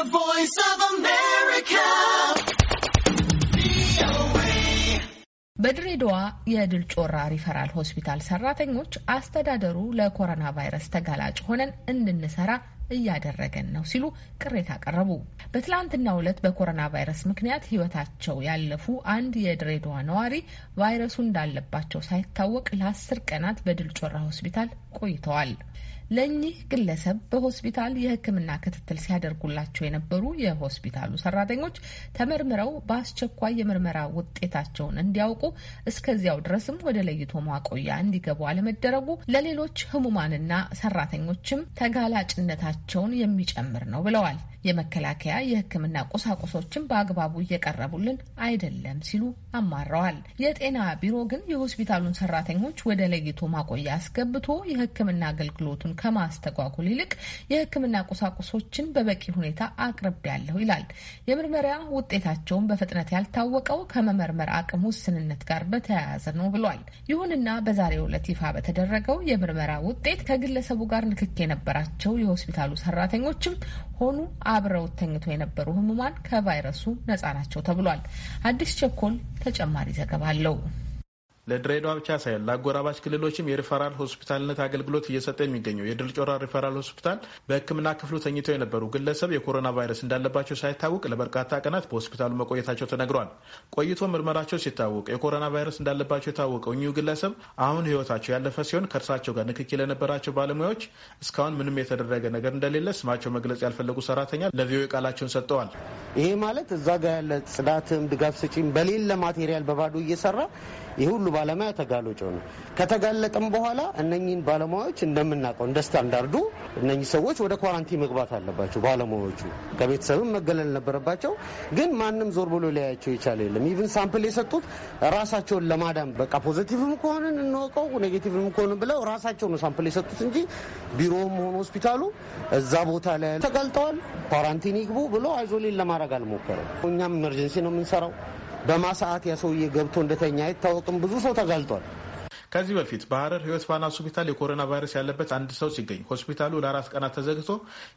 The Voice of America. በድሬዳዋ የድል ጮራ ሪፈራል ሆስፒታል ሰራተኞች አስተዳደሩ ለኮሮና ቫይረስ ተጋላጭ ሆነን እንድንሰራ እያደረገን ነው ሲሉ ቅሬታ አቀረቡ። በትላንትናው ዕለት በኮሮና ቫይረስ ምክንያት ሕይወታቸው ያለፉ አንድ የድሬዳዋ ነዋሪ ቫይረሱ እንዳለባቸው ሳይታወቅ ለአስር ቀናት በድል ጮራ ሆስፒታል ቆይተዋል። ለእኚህ ግለሰብ በሆስፒታል የሕክምና ክትትል ሲያደርጉላቸው የነበሩ የሆስፒታሉ ሰራተኞች ተመርምረው በአስቸኳይ የምርመራ ውጤታቸውን እንዲያውቁ እስከዚያው ድረስም ወደ ለይቶ ማቆያ እንዲገቡ አለመደረጉ ለሌሎች ህሙማንና ሰራተኞችም ተጋላጭነታቸው አቅማቸውን የሚጨምር ነው ብለዋል። የመከላከያ የሕክምና ቁሳቁሶችን በአግባቡ እየቀረቡልን አይደለም ሲሉ አማረዋል። የጤና ቢሮ ግን የሆስፒታሉን ሰራተኞች ወደ ለይቶ ማቆያ አስገብቶ የሕክምና አገልግሎቱን ከማስተጓጉል ይልቅ የሕክምና ቁሳቁሶችን በበቂ ሁኔታ አቅርቤያለሁ ይላል። የምርመራ ውጤታቸውን በፍጥነት ያልታወቀው ከመመርመር አቅም ውስንነት ጋር በተያያዘ ነው ብሏል። ይሁንና በዛሬው ዕለት ይፋ በተደረገው የምርመራ ውጤት ከግለሰቡ ጋር ንክክ የነበራቸው የሆስፒታል የሆስፒታሉ ሰራተኞችም ሆኑ አብረው ተኝቶ የነበሩ ህሙማን ከቫይረሱ ነጻ ናቸው ተብሏል። አዲስ ቸኮል ተጨማሪ ዘገባ አለው። ለድሬዳዋ ብቻ ሳይሆን ለአጎራባች ክልሎችም የሪፈራል ሆስፒታልነት አገልግሎት እየሰጠ የሚገኘው የድል ጮራ ሪፈራል ሆስፒታል በሕክምና ክፍሉ ተኝተው የነበሩ ግለሰብ የኮሮና ቫይረስ እንዳለባቸው ሳይታወቅ ለበርካታ ቀናት በሆስፒታሉ መቆየታቸው ተነግሯል። ቆይቶ ምርመራቸው ሲታወቅ የኮሮና ቫይረስ እንዳለባቸው የታወቀው እኚሁ ግለሰብ አሁን ህይወታቸው ያለፈ ሲሆን ከእርሳቸው ጋር ንክኪ ለነበራቸው ባለሙያዎች እስካሁን ምንም የተደረገ ነገር እንደሌለ ስማቸው መግለጽ ያልፈለጉ ሰራተኛ ለቪኦኤ ቃላቸውን ሰጥተዋል። ይሄ ማለት እዛ ጋር ያለ ጽዳትም ድጋፍ ሰጪም በሌለ ማቴሪያል በባዶ እየሰራ ይህ ሁሉ ባለሙያ ተጋሎጮ ነው። ከተጋለጠም በኋላ እነኚህን ባለሙያዎች እንደምናውቀው እንደ ስታንዳርዱ እነኚህ ሰዎች ወደ ኳራንቲን መግባት አለባቸው። ባለሙያዎቹ ከቤተሰብም መገለል ነበረባቸው። ግን ማንም ዞር ብሎ ሊያያቸው የቻለ የለም። ኢቭን ሳምፕል የሰጡት ራሳቸውን ለማዳም በቃ ፖዘቲቭም ከሆንን እንወቀው ኔጌቲቭም ከሆንን ብለው ራሳቸው ነው ሳምፕል የሰጡት እንጂ ቢሮውም ሆነ ሆስፒታሉ እዛ ቦታ ላይ ተጋልጠዋል፣ ኳራንቲን ይግቡ ብሎ አይዞሌን ለማድረግ አልሞከረም። እኛም ኢመርጀንሲ ነው የምንሰራው በማሰዓት ያ ሰውዬ ገብቶ እንደተኛ አይታወቅም። ብዙ ሰው ተጋልጧል። ከዚህ በፊት በሀረር ህይወት ፋና ሆስፒታል የኮሮና ቫይረስ ያለበት አንድ ሰው ሲገኝ ሆስፒታሉ ለአራት ቀናት ተዘግቶ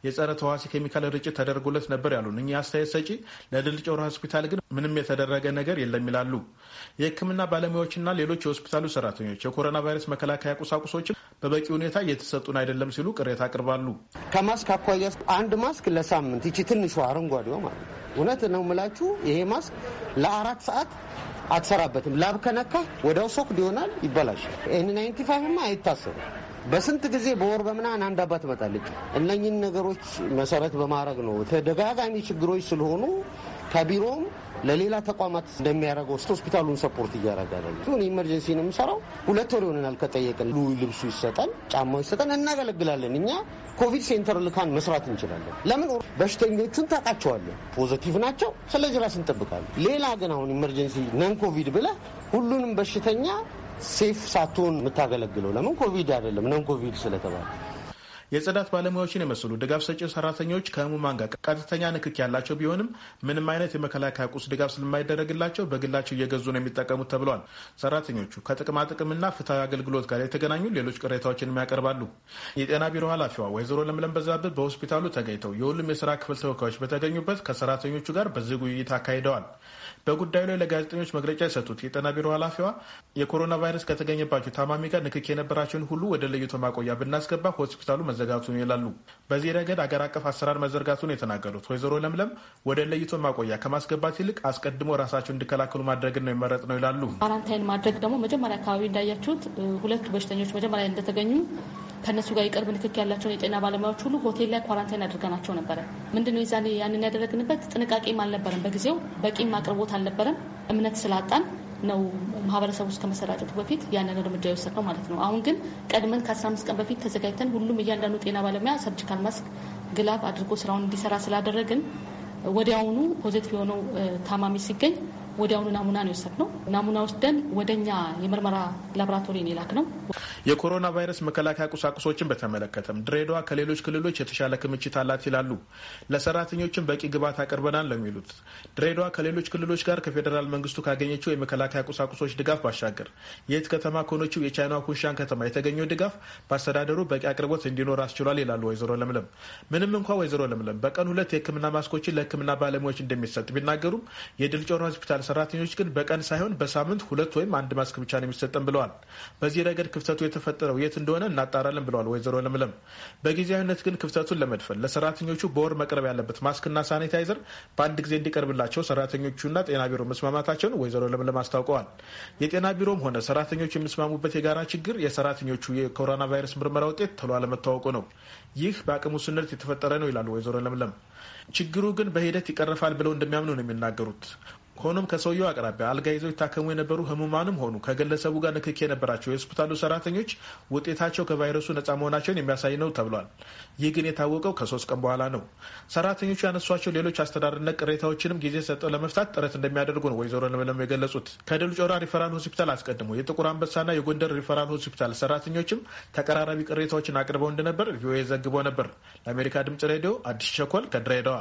የጸረ ተዋሲ ኬሚካል ርጭት ተደርጎለት ነበር ያሉን እኚህ አስተያየት ሰጪ ለድል ጮራ ሆስፒታል ግን ምንም የተደረገ ነገር የለም ይላሉ። የህክምና ባለሙያዎችና ሌሎች የሆስፒታሉ ሰራተኞች የኮሮና ቫይረስ መከላከያ ቁሳቁሶችን በበቂ ሁኔታ እየተሰጡን አይደለም ሲሉ ቅሬታ አቅርባሉ። ከማስክ አኳያ አንድ ማስክ ለሳምንት ይቺ ትንሿ አረንጓዴዋ ማለት እውነት ነው ምላችሁ ይሄ ማስክ ለአራት ሰዓት አትሰራበትም። ላብ ከነካ ወዲያው ሶክድ ይሆናል፣ ይበላሻል። ኤን ናይንቲ ማ አይታሰብም። በስንት ጊዜ በወር በምናምን አንድ አባት ትመጣለች። እነኝን ነገሮች መሰረት በማድረግ ነው ተደጋጋሚ ችግሮች ስለሆኑ ከቢሮም ለሌላ ተቋማት እንደሚያደርገው ስ ሆስፒታሉን ሰፖርት እያደረገ ሁን ኢመርጀንሲ ነው የምሰራው። ሁለት ወር ይሆነናል ከጠየቅን ልብሱ ይሰጠን፣ ጫማው ይሰጠን፣ እናገለግላለን። እኛ ኮቪድ ሴንተር ልካን መስራት እንችላለን። ለምን በሽተኞቹን ታውቃቸዋለን፣ ፖዘቲቭ ናቸው። ስለዚህ ራስ እንጠብቃለን። ሌላ ግን አሁን ኢመርጀንሲ ነን ኮቪድ ብለህ ሁሉንም በሽተኛ ሴፍ ሳትሆን የምታገለግለው ለምን ኮቪድ አይደለም ነን ኮቪድ ስለተባለ የጽዳት ባለሙያዎችን የመሰሉ ድጋፍ ሰጪ ሰራተኞች ከህሙማን ጋር ቀጥተኛ ንክክ ያላቸው ቢሆንም ምንም አይነት የመከላከያ ቁስ ድጋፍ ስለማይደረግላቸው በግላቸው እየገዙ ነው የሚጠቀሙት ተብሏል። ሰራተኞቹ ከጥቅማጥቅምና ፍትሐዊ አገልግሎት ጋር የተገናኙ ሌሎች ቅሬታዎችንም ያቀርባሉ። የጤና ቢሮ ኃላፊዋ ወይዘሮ ለምለም በዛብህ በሆስፒታሉ ተገኝተው የሁሉም የስራ ክፍል ተወካዮች በተገኙበት ከሰራተኞቹ ጋር በዚህ ውይይት አካሂደዋል። በጉዳዩ ላይ ለጋዜጠኞች መግለጫ የሰጡት የጤና ቢሮ ኃላፊዋ የኮሮና ቫይረስ ከተገኘባቸው ታማሚ ጋር ንክክ የነበራቸውን ሁሉ ወደ ለይቶ ማቆያ ብናስገባ ሆስፒታሉ መ መዘጋቱን ይላሉ። በዚህ ረገድ አገር አቀፍ አሰራር መዘርጋቱን የተናገሩት ወይዘሮ ለምለም ወደ ለይቶ ማቆያ ከማስገባት ይልቅ አስቀድሞ ራሳቸው እንዲከላከሉ ማድረግን ነው የመረጥ ነው ይላሉ። ካራንታይን ማድረግ ደግሞ መጀመሪያ አካባቢ እንዳያችሁት ሁለቱ በሽተኞች መጀመሪያ እንደተገኙ ከእነሱ ጋር የቅርብ ንክክ ያላቸውን የጤና ባለሙያዎች ሁሉ ሆቴል ላይ ኳራንታይን አድርገናቸው ነበረ። ምንድነው ይዛኔ ያንን ያደረግንበት ጥንቃቄም አልነበረም፣ በጊዜው በቂም አቅርቦት አልነበረም። እምነት ስላጣን ነው ማህበረሰቡ ውስጥ ከመሰራጨቱ በፊት ያንን እርምጃ የወሰድነው ማለት ነው። አሁን ግን ቀድመን ከ15 ቀን በፊት ተዘጋጅተን ሁሉም እያንዳንዱ ጤና ባለሙያ ሰርጂካል ማስክ፣ ግላብ አድርጎ ስራውን እንዲሰራ ስላደረግን ወዲያውኑ ፖዚቲቭ የሆነው ታማሚ ሲገኝ ወዲያውኑ ናሙና ነው የወሰድነው። ናሙና ወስደን ወደኛ የምርመራ ላቦራቶሪ ነው የላክነው። የኮሮና ቫይረስ መከላከያ ቁሳቁሶችን በተመለከተም ድሬዳዋ ከሌሎች ክልሎች የተሻለ ክምችት አላት ይላሉ። ለሰራተኞችም በቂ ግብዓት አቅርበናል ለሚሉት ድሬዳዋ ከሌሎች ክልሎች ጋር ከፌዴራል መንግስቱ ካገኘችው የመከላከያ ቁሳቁሶች ድጋፍ ባሻገር የት ከተማ ከሆነችው የቻይና ኩንሻን ከተማ የተገኘው ድጋፍ በአስተዳደሩ በቂ አቅርቦት እንዲኖር አስችሏል ይላሉ ወይዘሮ ለምለም። ምንም እንኳ ወይዘሮ ለምለም በቀን ሁለት የህክምና ማስኮችን ለህክምና ባለሙያዎች እንደሚሰጥ ቢናገሩም የድል ጮራ ሆስፒታል ሰራተኞች ግን በቀን ሳይሆን በሳምንት ሁለት ወይም አንድ ማስክ ብቻ ነው የሚሰጠን ብለዋል። በዚህ ረገድ ክፍተቱ የተፈጠረው የት እንደሆነ እናጣራለን ብለዋል ወይዘሮ ለምለም። በጊዜያዊነት ግን ክፍተቱን ለመድፈን ለሰራተኞቹ በወር መቅረብ ያለበት ማስክና ሳኒታይዘር በአንድ ጊዜ እንዲቀርብላቸው ሰራተኞቹና ጤና ቢሮ መስማማታቸውን ወይዘሮ ለምለም አስታውቀዋል። የጤና ቢሮም ሆነ ሰራተኞቹ የሚስማሙበት የጋራ ችግር የሰራተኞቹ የኮሮና ቫይረስ ምርመራ ውጤት ተሎ አለመታወቁ ነው። ይህ በአቅሙ ውስንነት የተፈጠረ ነው ይላሉ ወይዘሮ ለምለም። ችግሩ ግን በሂደት ይቀረፋል ብለው እንደሚያምኑ ነው የሚናገሩት። ሆኖም ከሰውየው አቅራቢያ አልጋ ይዘው ይታከሙ የነበሩ ህሙማንም ሆኑ ከግለሰቡ ጋር ንክክ የነበራቸው የሆስፒታሉ ሰራተኞች ውጤታቸው ከቫይረሱ ነጻ መሆናቸውን የሚያሳይ ነው ተብሏል። ይህ ግን የታወቀው ከሶስት ቀን በኋላ ነው። ሰራተኞቹ ያነሷቸው ሌሎች አስተዳደርነት ቅሬታዎችንም ጊዜ ሰጠው ለመፍታት ጥረት እንደሚያደርጉ ነው ወይዘሮ ለምለም የገለጹት። ከድል ጮራ ሪፈራል ሆስፒታል አስቀድሞ የጥቁር አንበሳና የጎንደር ሪፈራል ሆስፒታል ሰራተኞችም ተቀራራቢ ቅሬታዎችን አቅርበው እንደነበር ቪኦኤ ዘግቦ ነበር። ለአሜሪካ ድምጽ ሬዲዮ አዲስ ቸኮል ከድሬዳዋ